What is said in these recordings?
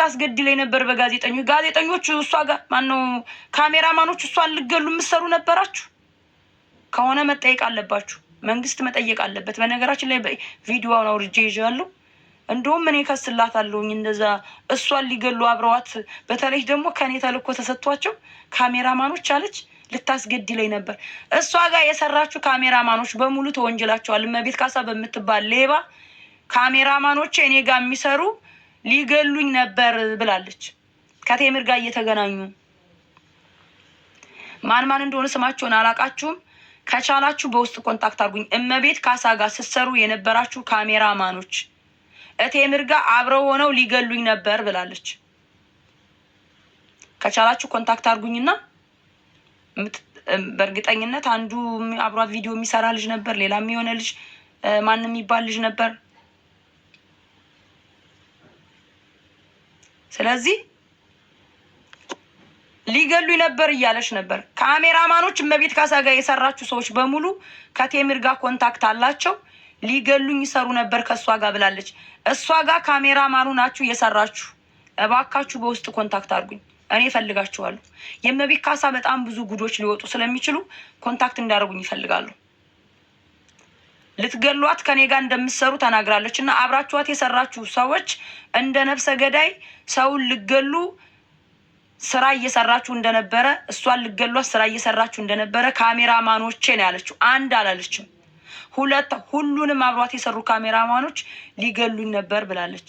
ልታስገድለኝ ነበር በጋዜጠኞች ጋዜጠኞች እሷ ጋር ማነው ካሜራማኖች እሷን ልገሉ የምትሰሩ ነበራችሁ ከሆነ መጠየቅ አለባችሁ። መንግስት መጠየቅ አለበት። በነገራችን ላይ ቪዲዮውን አውርጄ ይዣለሁ። እንደውም እኔ ከስላታለሁኝ እንደዛ እሷን ሊገሉ አብረዋት፣ በተለይ ደግሞ ከኔ ተልእኮ ተሰጥቷቸው ካሜራማኖች አለች ልታስገድለኝ ነበር። እሷ ጋር የሰራችሁ ካሜራማኖች በሙሉ ተወንጅላቸዋል እመቤት ካሳ በምትባል ሌባ ካሜራማኖች እኔ ጋር የሚሰሩ ሊገሉኝ ነበር ብላለች። ከቴምር ጋር እየተገናኙ ማን ማን እንደሆነ ስማቸውን አላቃችሁም ከቻላችሁ በውስጥ ኮንታክት አርጉኝ። እመቤት ካሳ ጋር ስትሰሩ የነበራችሁ ካሜራማኖች እቴምር ጋር አብረው ሆነው ሊገሉኝ ነበር ብላለች። ከቻላችሁ ኮንታክት አድርጉኝና በእርግጠኝነት አንዱ አብሯ ቪዲዮ የሚሰራ ልጅ ነበር፣ ሌላ የሆነ ልጅ ማንም የሚባል ልጅ ነበር። ስለዚህ ሊገሉ ነበር እያለች ነበር። ካሜራማኖች እመቤት ካሳ ጋር የሰራችሁ ሰዎች በሙሉ ከቴምር ጋር ኮንታክት አላቸው፣ ሊገሉኝ ይሰሩ ነበር ከእሷ ጋር ብላለች። እሷ ጋር ካሜራማኑ ናችሁ እየሰራችሁ እባካችሁ በውስጥ ኮንታክት አድርጉኝ፣ እኔ እፈልጋችኋለሁ። የእመቤት ካሳ በጣም ብዙ ጉዶች ሊወጡ ስለሚችሉ ኮንታክት እንዳደርጉኝ ይፈልጋሉ። ልትገሏት ከኔ ጋር እንደምትሰሩ ተናግራለች እና አብራችኋት የሰራችሁ ሰዎች እንደ ነፍሰ ገዳይ ሰውን ልገሉ ስራ እየሰራችሁ እንደነበረ እሷን ልገሏት ስራ እየሰራችሁ እንደነበረ ካሜራማኖቼ ነው ያለችው። አንድ አላለችም፣ ሁለት ሁሉንም አብሯት የሰሩ ካሜራማኖች ሊገሉኝ ነበር ብላለች።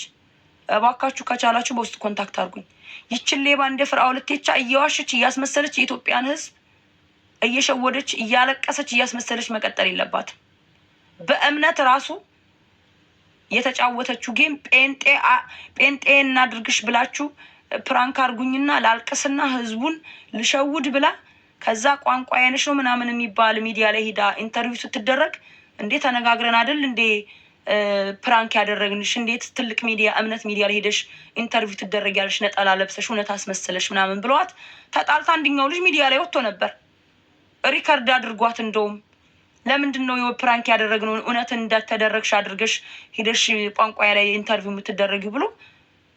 እባካችሁ ከቻላችሁ በውስጥ ኮንታክት አድርጉኝ። ይችን ሌባ እንደ ፍራ ሁለቴቻ እየዋሸች እያስመሰለች የኢትዮጵያን ሕዝብ እየሸወደች እያለቀሰች እያስመሰለች መቀጠል የለባትም። በእምነት ራሱ የተጫወተችው ጌም ጴንጤ ጴንጤ እናድርግሽ ብላችሁ ፕራንክ አርጉኝና ላልቅስና ህዝቡን ልሸውድ ብላ ከዛ ቋንቋ ያነሽ ነው ምናምን የሚባል ሚዲያ ላይ ሂዳ ኢንተርቪው ስትደረግ እንዴ ተነጋግረን አይደል እንዴ ፕራንክ ያደረግንሽ እንዴት ትልቅ ሚዲያ እምነት ሚዲያ ላይ ሄደሽ ኢንተርቪው ያለሽ ነጠላ ለብሰሽ እውነት አስመሰለሽ ምናምን ብለዋት ተጣልታ አንደኛው ልጅ ሚዲያ ላይ ወጥቶ ነበር ሪከርድ አድርጓት እንደውም ለምንድን ነው ፕራንክ ያደረግነው? እውነት እንደተደረግሽ አድርገሽ ሂደሽ ቋንቋ ላይ ኢንተርቪው የምትደረግ ብሎ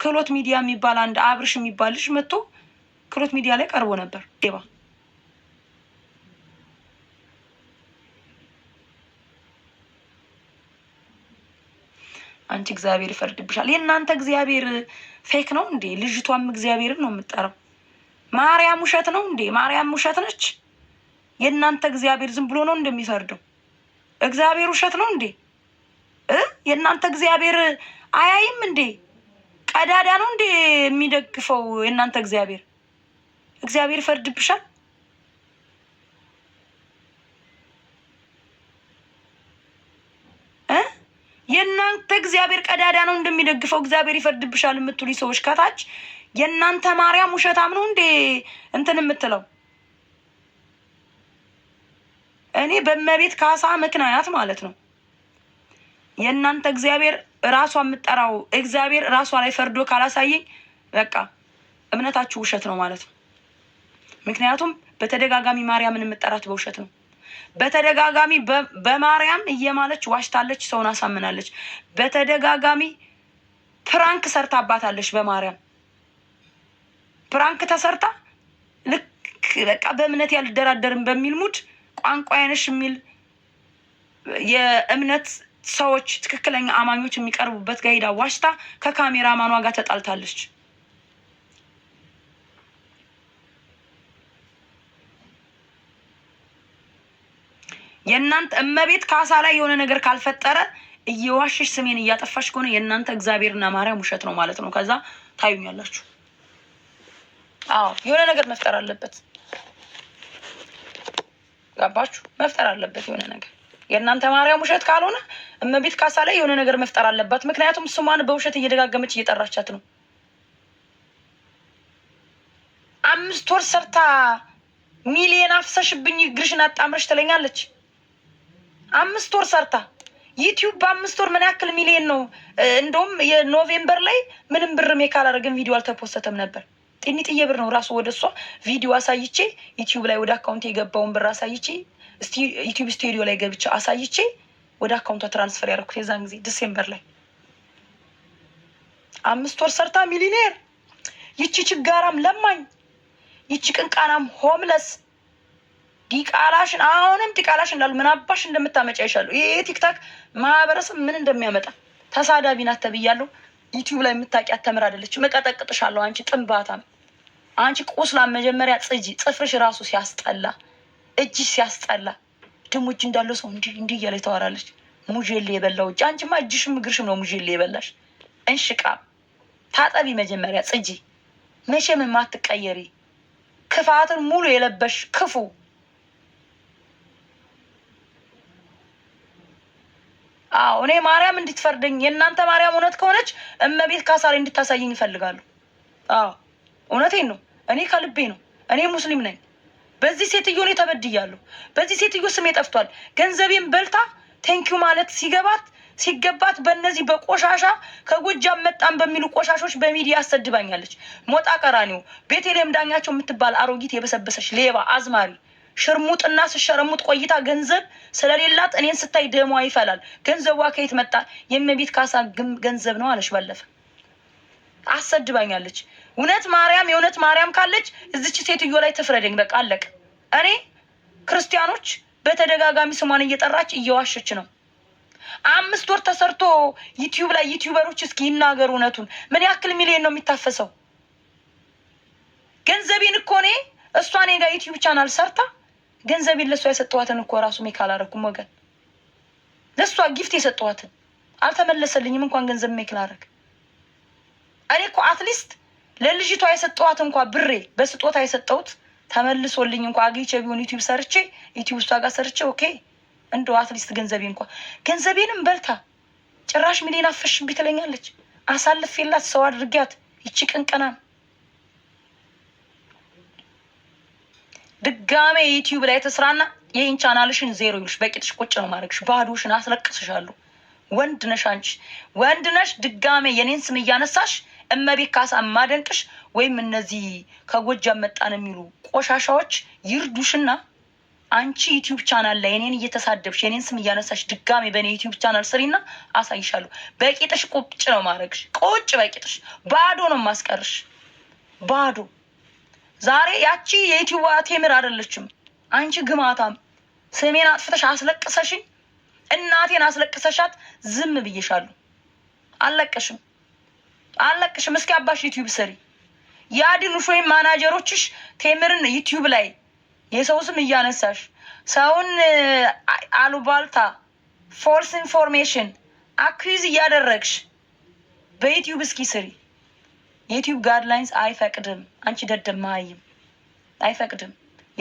ክህሎት ሚዲያ የሚባል አንድ አብርሽ የሚባል ልጅ መጥቶ ክህሎት ሚዲያ ላይ ቀርቦ ነበር። ባ አንቺ እግዚአብሔር ይፈርድብሻል። የእናንተ እግዚአብሔር ፌክ ነው እንዴ? ልጅቷም እግዚአብሔርን ነው የምጠራው። ማርያም ውሸት ነው እንዴ? ማርያም ውሸት ነች። የእናንተ እግዚአብሔር ዝም ብሎ ነው እንደሚፈርደው? እግዚአብሔር ውሸት ነው እንዴ? የእናንተ እግዚአብሔር አያይም እንዴ? ቀዳዳ ነው እንዴ የሚደግፈው የእናንተ እግዚአብሔር? እግዚአብሔር ይፈርድብሻል። የእናንተ እግዚአብሔር ቀዳዳ ነው እንደሚደግፈው እግዚአብሔር ይፈርድብሻል የምትሉ ሰዎች ከታች የእናንተ ማርያም ውሸታም ነው እንዴ እንትን የምትለው እኔ በእመቤት ካሳ ምክንያት ማለት ነው የእናንተ እግዚአብሔር ራሷ የምጠራው እግዚአብሔር ራሷ ላይ ፈርዶ ካላሳየኝ በቃ እምነታችሁ ውሸት ነው ማለት ነው። ምክንያቱም በተደጋጋሚ ማርያምን የምጠራት በውሸት ነው። በተደጋጋሚ በማርያም እየማለች ዋሽታለች፣ ሰውን አሳምናለች። በተደጋጋሚ ፕራንክ ሰርታባታለች። በማርያም ፕራንክ ተሰርታ ልክ በቃ በእምነት ያልደራደርም በሚል ሙድ ቋንቋ አይነሽ የሚል የእምነት ሰዎች ትክክለኛ አማኞች የሚቀርቡበት ጋሄዳ ዋሽታ ከካሜራ ማኗ ጋር ተጣልታለች። የእናንተ እመቤት ካሳ ላይ የሆነ ነገር ካልፈጠረ እየዋሸሽ ስሜን እያጠፋሽ ከሆነ የእናንተ እግዚአብሔርና ማርያም ውሸት ነው ማለት ነው። ከዛ ታዩኛላችሁ። አዎ የሆነ ነገር መፍጠር አለበት። ገባችሁ? መፍጠር አለበት የሆነ ነገር። የእናንተ ማርያም ውሸት ካልሆነ እመቤት ካሳ ላይ የሆነ ነገር መፍጠር አለባት። ምክንያቱም ስሟን በውሸት እየደጋገመች እየጠራቻት ነው። አምስት ወር ሰርታ ሚሊየን አፍሰሽብኝ እግርሽን አጣምረሽ ትለኛለች። አምስት ወር ሰርታ ዩቲዩብ በአምስት ወር ምን ያክል ሚሊየን ነው? እንደውም የኖቬምበር ላይ ምንም ብር ሜክ አላደረግን ቪዲዮ አልተፖሰተም ነበር። ጥንጥዬ ብር ነው ራሱ ወደ እሷ ቪዲዮ አሳይቼ ዩቲዩብ ላይ ወደ አካውንት የገባውን ብር አሳይቼ ዩቲዩብ ስቱዲዮ ላይ ገብቼ አሳይቼ ወደ አካውንቷ ትራንስፈር ያደረኩት የዛን ጊዜ ዲሴምበር ላይ አምስት ወር ሰርታ ሚሊኔር። ይቺ ችጋራም ለማኝ፣ ይቺ ቅንቃናም ሆምለስ ዲቃላሽን አሁንም ዲቃላሽን እንዳሉ ምን አባሽ እንደምታመጫ ይሻሉ። ይሄ ቲክታክ ማህበረሰብ ምን እንደሚያመጣ ተሳዳቢ ናት ተብያለሁ። ዩቲዩብ ላይ የምታውቂያት ተምር አይደለችም። መቀጠቅጥሻለሁ አንቺ ጥንባታም አንቺ ቁስላ መጀመሪያ ጽጂ። ጽፍርሽ ራሱ ሲያስጠላ፣ እጅሽ ሲያስጠላ፣ ደግሞ እጅ እንዳለው ሰው እንዲህ እንዲህ እያለ ታወራለች። ሙዤሌ የበላው እጅ። አንቺማ እጅሽም እግርሽም ነው ሙዤሌ የበላሽ። እንሽቃ ታጠቢ መጀመሪያ ጽጂ። መቼም የማትቀየሪ ክፋትን ሙሉ የለበሽ ክፉ አዎ እኔ ማርያም እንድትፈርደኝ የእናንተ ማርያም እውነት ከሆነች እመቤት ካሳሪ እንድታሳየኝ ይፈልጋሉ። አዎ እውነቴን ነው። እኔ ከልቤ ነው። እኔ ሙስሊም ነኝ። በዚህ ሴትዮ እኔ ተበድያለሁ። በዚህ ሴትዮ ስሜ ጠፍቷል። ገንዘቤን በልታ ቴንኪዩ ማለት ሲገባት ሲገባት በእነዚህ በቆሻሻ ከጎጃም መጣን በሚሉ ቆሻሾች በሚዲያ አሰድባኛለች። ሞጣ ቀራኒው ቤተልሔም ዳኛቸው የምትባል አሮጊት የበሰበሰች ሌባ አዝማሪ ሽርሙጥና ስሸረሙጥ ቆይታ ገንዘብ ስለሌላት እኔን ስታይ ደሟ ይፈላል። ገንዘቧ ከየት መጣ? የእመቤት ካሳ ገንዘብ ነው አለች ባለፈ አሰድባኛለች። እውነት ማርያም የእውነት ማርያም ካለች እዚች ሴትዮ ላይ ትፍረደኝ። በቃ አለቅ። እኔ ክርስቲያኖች በተደጋጋሚ ስሟን እየጠራች እየዋሸች ነው። አምስት ወር ተሰርቶ ዩቲዩብ ላይ ዩቲዩበሮች እስኪ ይናገሩ እውነቱን። ምን ያክል ሚሊዮን ነው የሚታፈሰው? ገንዘቤን እኮ እኔ እሷ እኔ ጋር ዩቲዩብ ቻናል ሰርታ ገንዘቤን ለእሷ የሰጠዋትን እኮ ራሱ ሜክ አላረኩም ወገን፣ ለእሷ ጊፍት የሰጠዋትን አልተመለሰልኝም። እንኳን ገንዘብ ሜክ ላረግ እኔ እኮ አትሊስት ለልጅቷ የሰጠዋት እንኳ ብሬ በስጦታ የሰጠሁት ተመልሶልኝ እንኳ አግኝቼ ቢሆን ዩቲዩብ ሰርቼ ዩቲዩብ እሷ ጋር ሰርቼ ኦኬ እንደው አትሊስት ገንዘቤ እንኳ ገንዘቤንም በልታ ጭራሽ ሚሊዮን አፈሽብኝ ትለኛለች። አሳልፌላት ሰው አድርጊያት ይቺ ቅንቅናም ድጋሜ ዩቲዩብ ላይ ተስራና ይህን ቻናልሽን ዜሮ ይሉሽ በቂጥሽ ቁጭ ነው ማድረግሽ። ባዶሽን አስለቅስሻለሁ። ወንድ ነሽ አንቺ ወንድ ነሽ። ድጋሜ የኔን ስም እያነሳሽ እመቤት ካሳ ማደንቅሽ ወይም እነዚህ ከጎጃም መጣን የሚሉ ቆሻሻዎች ይርዱሽና አንቺ ዩቲዩብ ቻናል ላይ እኔን እየተሳደብሽ የኔን ስም እያነሳሽ ድጋሜ በእኔ ዩቲዩብ ቻናል ስሪና አሳይሻለሁ። በቂጥሽ ቁጭ ነው ማድረግሽ፣ ቁጭ በቂጥሽ ባዶ ነው ማስቀርሽ፣ ባዶ። ዛሬ ያቺ የዩቲዩብ ቴምር አይደለችም። አንቺ ግማታም ስሜን አጥፍተሽ አስለቅሰሽኝ፣ እናቴን አስለቅሰሻት፣ ዝም ብዬሻለሁ። አለቀሽም። አለቅሽም። እስኪ አባሽ ዩቲዩብ ስሪ። የአድሉሽ ወይም ማናጀሮችሽ ቴምርን ዩቲዩብ ላይ የሰው ስም እያነሳሽ ሰውን አሉባልታ፣ ፎልስ ኢንፎርሜሽን አኩዝ እያደረግሽ በዩቲዩብ እስኪ ስሪ። የዩቲዩብ ጋይድላይንስ አይፈቅድም። አንቺ ደደም አይም አይፈቅድም።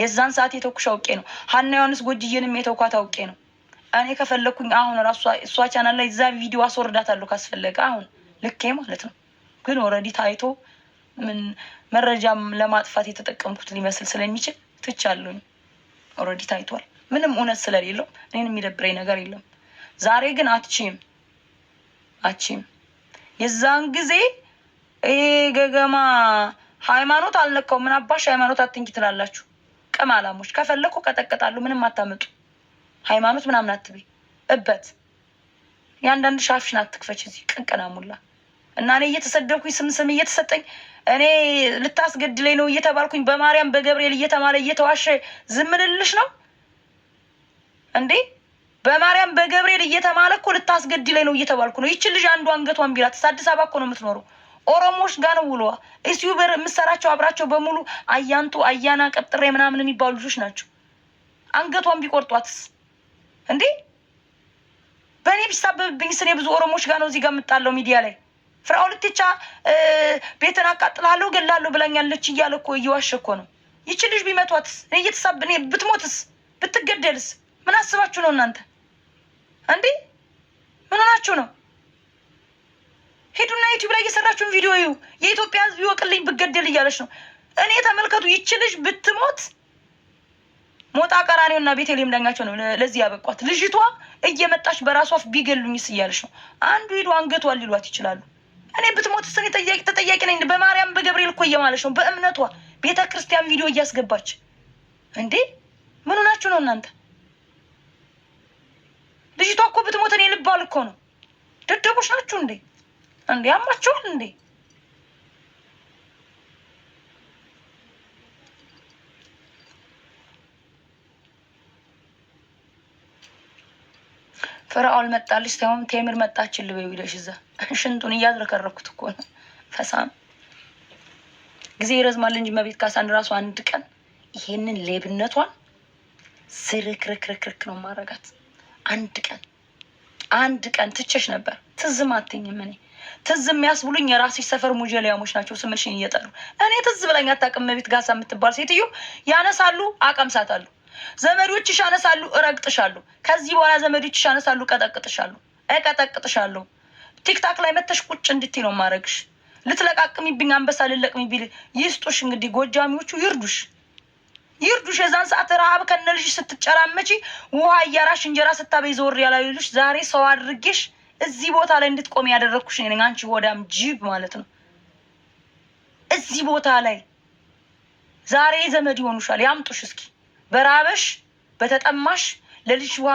የዛን ሰዓት የተኩሽ አውቄ ነው። ሀና ዮሐንስ ጎጅዬንም የተውኳት አውቄ ነው። እኔ ከፈለግኩኝ አሁን ራሷ እሷ ቻናል ላይ እዛ ቪዲዮ አስወርዳታለሁ ካስፈለገ አሁን ልኬ ማለት ነው። ግን ኦልሬዲ ታይቶ ምን መረጃም ለማጥፋት የተጠቀምኩት ሊመስል ስለሚችል ትቻለሁኝ። ኦልሬዲ ታይቷል። ምንም እውነት ስለሌለው እኔን የሚደብረኝ ነገር የለም። ዛሬ ግን አትችም አትቺም የዛን ጊዜ ይሄ ገገማ ሃይማኖት አልነካው። ምን አባሽ ሃይማኖት አትንኪ ትላላችሁ? ቅም አላሞች ከፈለኩ ቀጠቀጣሉ። ምንም አታመጡ። ሃይማኖት ምናምን አትቤ እበት የአንዳንድ ሻፍሽን አትክፈች። እዚህ ቅንቅና ሙላ እና እኔ እየተሰደብኩኝ ስም ስም እየተሰጠኝ እኔ ልታስገድለኝ ነው እየተባልኩኝ በማርያም በገብርኤል እየተማለ እየተዋሸ ዝም ልልሽ ነው እንዴ? በማርያም በገብርኤል እየተማለ እኮ ልታስገድለኝ ነው እየተባልኩ ነው። ይችን ልጅ አንዱ አንገቷን ቢላትስ አዲስ አበባ እኮ ነው የምትኖረው። ኦሮሞዎች ጋር ነው ውሎዋ። እስዩ በር የምሰራቸው አብራቸው በሙሉ አያንቱ አያና ቀጥሬ ምናምን የሚባሉ ልጆች ናቸው። አንገቷን ቢቆርጧትስ እንዴ? በእኔ ቢሳበብብኝ ስኔ ብዙ ኦሮሞዎች ጋር ነው እዚህ ጋር የምጣለው ሚዲያ ላይ ፍራኦል ትቻ ቤትን አቃጥላለሁ ገላለሁ ብላኛለች እያለ እኮ እየዋሸ እኮ ነው። ይቺ ልጅ ቢመቷትስ እየተሳብ ብትሞትስ ብትገደልስ ምን አስባችሁ ነው እናንተ? እንዴ ምን ሆናችሁ ነው? ሄዱና ዩቲዩብ ላይ እየሰራችሁን ቪዲዮ ዩ የኢትዮጵያ ሕዝብ ይወቅልኝ ብገደል እያለች ነው። እኔ ተመልከቱ፣ ይቺ ልጅ ብትሞት ሞጣ እና ቤተልሔም ዳኛቸው ነው ለዚህ ያበቋት። ልጅቷ እየመጣች በራሷ ቢገሉኝስ እያለች ነው። አንዱ ሂዱ አንገቷ ሊሏት ይችላሉ። እኔ ብትሞት ስን ተጠያቂ ነኝ። በማርያም በገብርኤል እኮ እየማለች ነው። በእምነቷ ቤተ ክርስቲያን ቪዲዮ እያስገባች እንዴ! ምኑ ናችሁ ነው እናንተ? ልጅቷ እኮ ብትሞት እኔ ልባል እኮ ነው። ደደቦች ናችሁ እንዴ! እንዴ አማችኋል እንዴ! ፍርአውል መጣልሽ ሳይሆን ቴምር መጣችን ልበይ ይለሽ እዛ ሽንጡን እያዝረከረኩት እኮ ነው። ፈሳም ጊዜ ይረዝማል እንጂ መቤት ካሳን ራሱ አንድ ቀን ይሄንን ሌብነቷን ስርክርክርክርክ ነው ማረጋት። አንድ ቀን አንድ ቀን ትቸሽ ነበር። ትዝም አትኝም። እኔ ትዝ የሚያስብሉኝ የራስሽ ሰፈር ሙጀሊያሞች ናቸው፣ ስምሽን እየጠሩ እኔ ትዝ ብለኝ አታውቅም። መቤት ጋሳ የምትባል ሴትዮ ያነሳሉ፣ አቀምሳታሉ ዘመዶችሽ ያነሳሉ፣ እረግጥሻሉ። ከዚህ በኋላ ዘመዶችሽ ያነሳሉ፣ ቀጠቅጥሻሉ፣ እቀጠቅጥሻሉ። ቲክታክ ላይ መተሽ ቁጭ እንድትይ ነው ማድረግሽ። ልትለቃቅሚብኝ አንበሳ ልለቅሚ ይስጡሽ። እንግዲህ ጎጃሚዎቹ ይርዱሽ፣ ይርዱሽ። የዛን ሰዓት ረሀብ ከነልሽ ስትጨራመጪ ውሃ እያራሽ እንጀራ ስታበይ ዘወር ያላሉልሽ። ዛሬ ሰው አድርጌሽ እዚህ ቦታ ላይ እንድትቆሚ ያደረግኩሽ ነኝ። አንቺ ወዳም ጅብ ማለት ነው። እዚህ ቦታ ላይ ዛሬ ዘመድ ይሆኑሻል። ያምጡሽ እስኪ በራበሽ በተጠማሽ ለልጅ ውሃ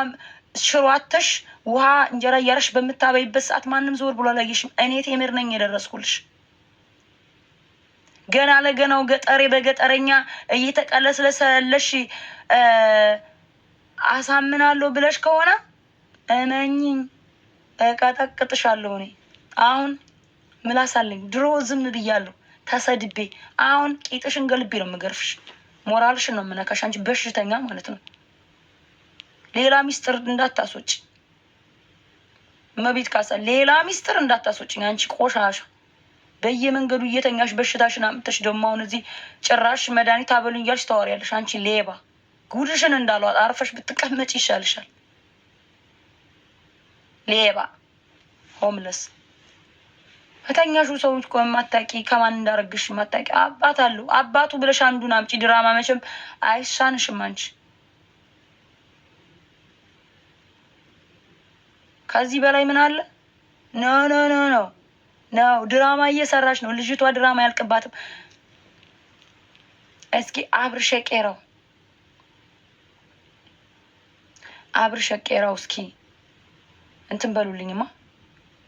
ሽሯተሽ ውሃ እንጀራ እያረሽ በምታበይበት ሰዓት ማንም ዞር ብሎ አላየሽም። እኔ ቴምር ነኝ የደረስኩልሽ። ገና ለገናው ገጠሬ በገጠረኛ እየተቀለስለሰለሽ አሳምናለሁ ብለሽ ከሆነ እመኝኝ እቀጠቅጥሻለሁ። እኔ አሁን ምላስ አለኝ። ድሮ ዝም ብያለሁ ተሰድቤ፣ አሁን ቂጥሽን ገልቤ ነው የምገርፍሽ። ሞራልሽን ነው የምነካሽ። አንቺ በሽተኛ ማለት ነው። ሌላ ሚስጥር እንዳታስወጭ መቤት ካሳ፣ ሌላ ሚስጥር እንዳታስወጭኝ አንቺ ቆሻሻ። በየመንገዱ እየተኛሽ በሽታሽን አምጥተሽ ደግሞ አሁን እዚህ ጭራሽ መድኃኒት አበሉኝ እያልሽ ታወሪያለሽ። አንቺ ሌባ ጉድሽን እንዳሏት አርፈሽ ብትቀመጭ ይሻልሻል። ሌባ ሆምለስ ከተኛሹ ሰዎች እኮ የማታውቂ ከማን እንዳረግሽ የማታውቂ አባት አለው። አባቱ ብለሽ አንዱን አምጪ። ድራማ መቼም አይሳንሽም አንቺ። ከዚህ በላይ ምን አለ? ኖ ኖ ኖ ኖ ነው ድራማ እየሰራች ነው ልጅቷ። ድራማ አያልቅባትም። እስኪ አብር ሸቄረው አብር ሸቄረው እስኪ እንትን በሉልኝማ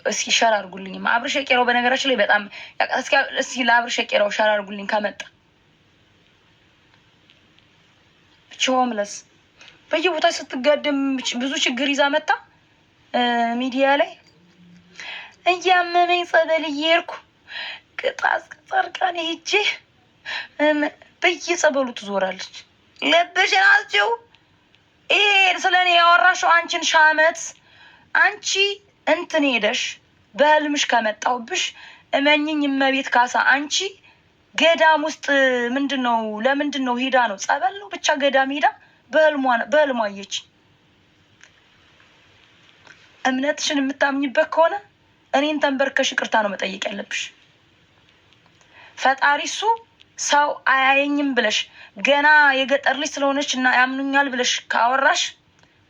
እስኪ ሸር አድርጉልኝ። አብርሽ በነገራችን ላይ በጣም እስኪ ለአብርሽ የቄራው ሸር አድርጉልኝ ከመጣ ሆምለስ በየቦታ ስትጋደም ብዙ ችግር ይዛ መጣ ሚዲያ ላይ እያመመኝ ጸበል እየሄድኩ ቅጣት ቅጠር ሄጄ በየጸበሉ ትዞራለች። ልብሽን አስጪው። ይሄ ስለ እኔ ያወራሽው አንቺን ሻመት አንቺ እንትን ሄደሽ በህልምሽ ከመጣውብሽ እመኝኝ እመቤት ካሳ አንቺ ገዳም ውስጥ ምንድን ነው ለምንድን ነው ሄዳ ነው ጸበል ነው ብቻ ገዳም ሄዳ በህልሟ አየች። እምነትሽን የምታምኝበት ከሆነ እኔን ተንበርከሽ ይቅርታ ነው መጠየቅ ያለብሽ። ፈጣሪ እሱ ሰው አያየኝም ብለሽ ገና የገጠር ልጅ ስለሆነች እና ያምኑኛል ብለሽ ካወራሽ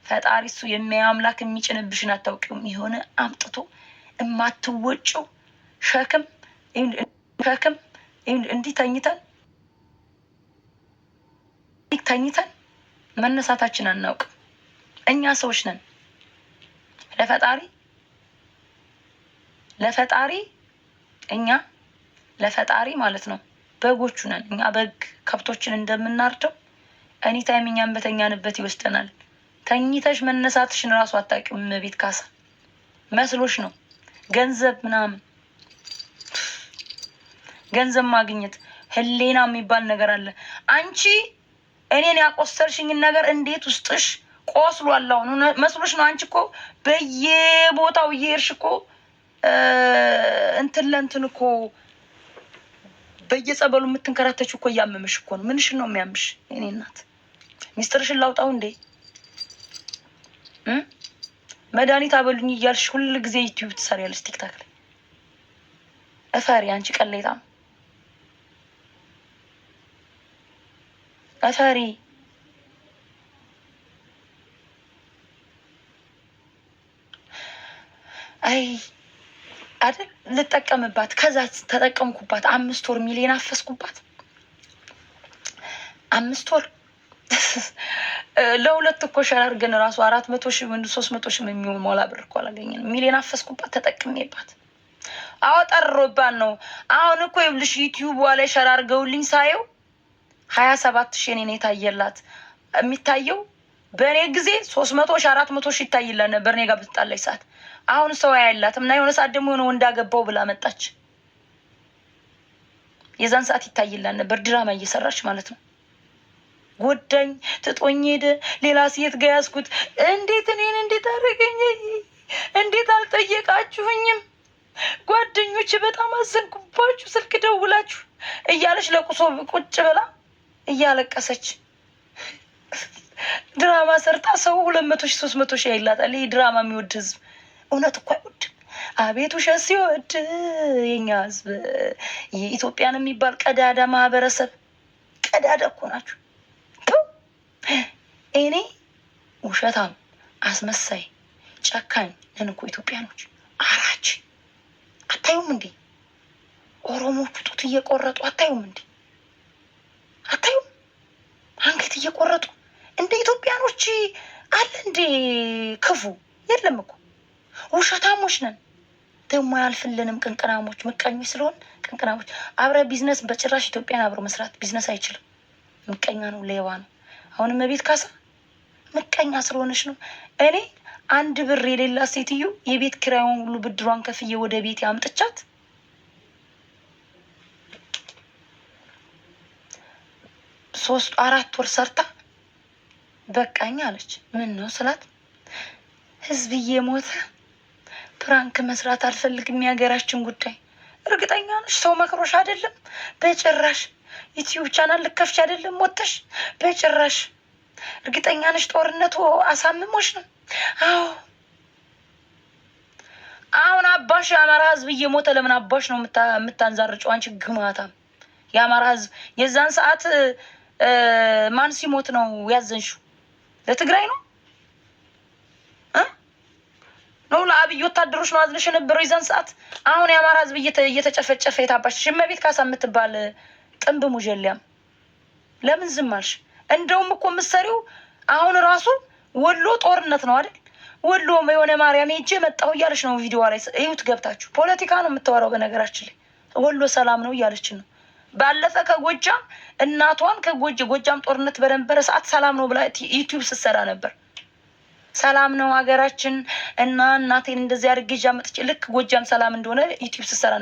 ፈጣሪ እሱ የሚያይ አምላክ የሚጭንብሽን አታውቂውም። የሆነ አምጥቶ የማትወጪው ሸክም ሸክም እንዲህ ተኝተን ተኝተን መነሳታችን አናውቅም። እኛ ሰዎች ነን። ለፈጣሪ ለፈጣሪ እኛ ለፈጣሪ ማለት ነው በጎቹ ነን። እኛ በግ ከብቶችን እንደምናርደው እኒታይም እኛን በተኛንበት ይወስደናል። ተኝተሽ መነሳትሽን ራሱ አታውቂውም። ቤት ካሳ መስሎሽ ነው ገንዘብ ምናምን ገንዘብ ማግኘት ህሌና የሚባል ነገር አለ። አንቺ እኔን ያቆሰርሽኝ ነገር እንዴት ውስጥሽ ቆስሏል አሁን መስሎሽ ነው። አንቺ እኮ በየቦታው እየሄድሽ እኮ እንትን ለእንትን እኮ በየጸበሉ የምትንከራተች እኮ እያመመሽ እኮ ነው። ምንሽን ነው የሚያምሽ? እኔ እናት ሚስጥርሽን ላውጣው እንዴ? መድኃኒት አበሉኝ እያልሽ ሁል ጊዜ ዩቲዩብ ትሰሪያለሽ፣ ቲክታክ ላይ እፈሪ። አንቺ ቀሌጣም እፈሪ። አይ አይደል ልጠቀምባት። ከዛ ተጠቀምኩባት፣ አምስት ወር ሚሊዮን አፈስኩባት፣ አምስት ወር ለሁለት እኮ ሸር ግን ራሱ አራት መቶ ሺ ሶስት መቶ ሺ የሚሆን የሚሞላ ብር እኮ አላገኘንም። ሚሊዮን አፈስኩባት ተጠቅሜባት አወጠሮባን ነው። አሁን እኮ ይኸውልሽ ዩቲዩብ ላይ ሸር አድርገውልኝ ሳየው ሀያ ሰባት ሺ እኔ ነው የታየላት የሚታየው በእኔ ጊዜ ሶስት መቶ ሺ አራት መቶ ሺ ይታይላት ነበር እኔ ጋር ብትጣለች ሰዓት። አሁን ሰው ያላትም እና የሆነ ሰዓት ደግሞ የሆነ ወንዳገባው ብላ መጣች። የዛን ሰዓት ይታይላት ነበር ድራማ እየሰራች ማለት ነው። ጎዳኝ፣ ትጦኝ ሄደ፣ ሌላ ሴት ጋ ያዝኩት። እንዴት እኔን እንዴት አደረገኝ? እንዴት አልጠየቃችሁኝም? ጓደኞች በጣም አዘንኩባችሁ፣ ስልክ ደውላችሁ እያለች ለቁሶ ቁጭ ብላ እያለቀሰች ድራማ ሰርታ ሰው ሁለት መቶ ሺህ ሶስት መቶ ሺህ አይላታል። ይህ ድራማ የሚወድ ህዝብ እውነት እኮ ይወድ አቤት ውሸት ሲወድ የኛ ህዝብ የኢትዮጵያን የሚባል ቀዳዳ ማህበረሰብ ቀዳዳ እኮ ናችሁ። እኔ ውሸታም፣ አስመሳይ፣ ጨካኝ ነን እኮ ኢትዮጵያኖች። አራች አታዩም እንዴ? ኦሮሞቹ ጡት እየቆረጡ አታዩም እንዴ? አታዩም? አንገት እየቆረጡ እንደ ኢትዮጵያኖች አለ እንዴ? ክፉ የለም እኮ ውሸታሞች ነን። ደግሞ ያልፍልንም። ቅንቅናሞች ምቀኞች ስለሆን ቅንቅናሞች አብረ ቢዝነስ በጭራሽ ኢትዮጵያን አብሮ መስራት ቢዝነስ አይችልም። ምቀኛ ነው፣ ሌባ ነው። አሁንም ቤት ካሳ ምቀኛ ስለሆነች ነው። እኔ አንድ ብር የሌላት ሴትዮ የቤት ኪራዩን ሁሉ ብድሯን ከፍዬ ወደ ቤት ያምጥቻት ሶስት አራት ወር ሰርታ በቃኝ አለች። ምን ነው ስላት ህዝብ እየሞተ ፕራንክ መስራት አልፈልግም፣ የሀገራችን ጉዳይ እርግጠኛ ነች። ሰው መክሮሽ አይደለም በጭራሽ ዩቲዩብ ቻናል ልከፍች አይደለም ሞተሽ በጭራሽ። እርግጠኛ ነሽ ጦርነቱ አሳምሞች ነው? አዎ። አሁን አባሽ የአማራ ህዝብ እየሞተ ለምን አባሽ ነው የምታንዛርጨው? አንቺ ግማታ የአማራ ህዝብ የዛን ሰዓት ማን ሲሞት ነው ያዘንሽው? ለትግራይ ነው ነው ለአብይ ወታደሮች ነው አዝነሽ የነበረው የዛን ሰዓት። አሁን የአማራ ህዝብ እየተጨፈጨፈ የታባሽ ሽመቤት ካሳ የምትባል ጥንብ ሙጀሊያም ለምን ዝም አልሽ? እንደውም እኮ ምሰሪው አሁን ራሱ ወሎ ጦርነት ነው አይደል? ወሎ የሆነ ማርያም ሄጄ መጣሁ እያለች ነው ቪዲዮ ላይ እዩት፣ ገብታችሁ ፖለቲካ ነው የምታወራው። በነገራችን ላይ ወሎ ሰላም ነው እያለችን ነው። ባለፈ ከጎጃም እናቷን ከጎጅ ጎጃም ጦርነት በነበረ ሰዓት ሰላም ነው ብላ ዩቲዩብ ስትሰራ ነበር። ሰላም ነው ሀገራችን እና እናቴን እንደዚህ አድርጌ ልክ ጎጃም ሰላም እንደሆነ ዩቲዩብ ስትሰራ ነበር።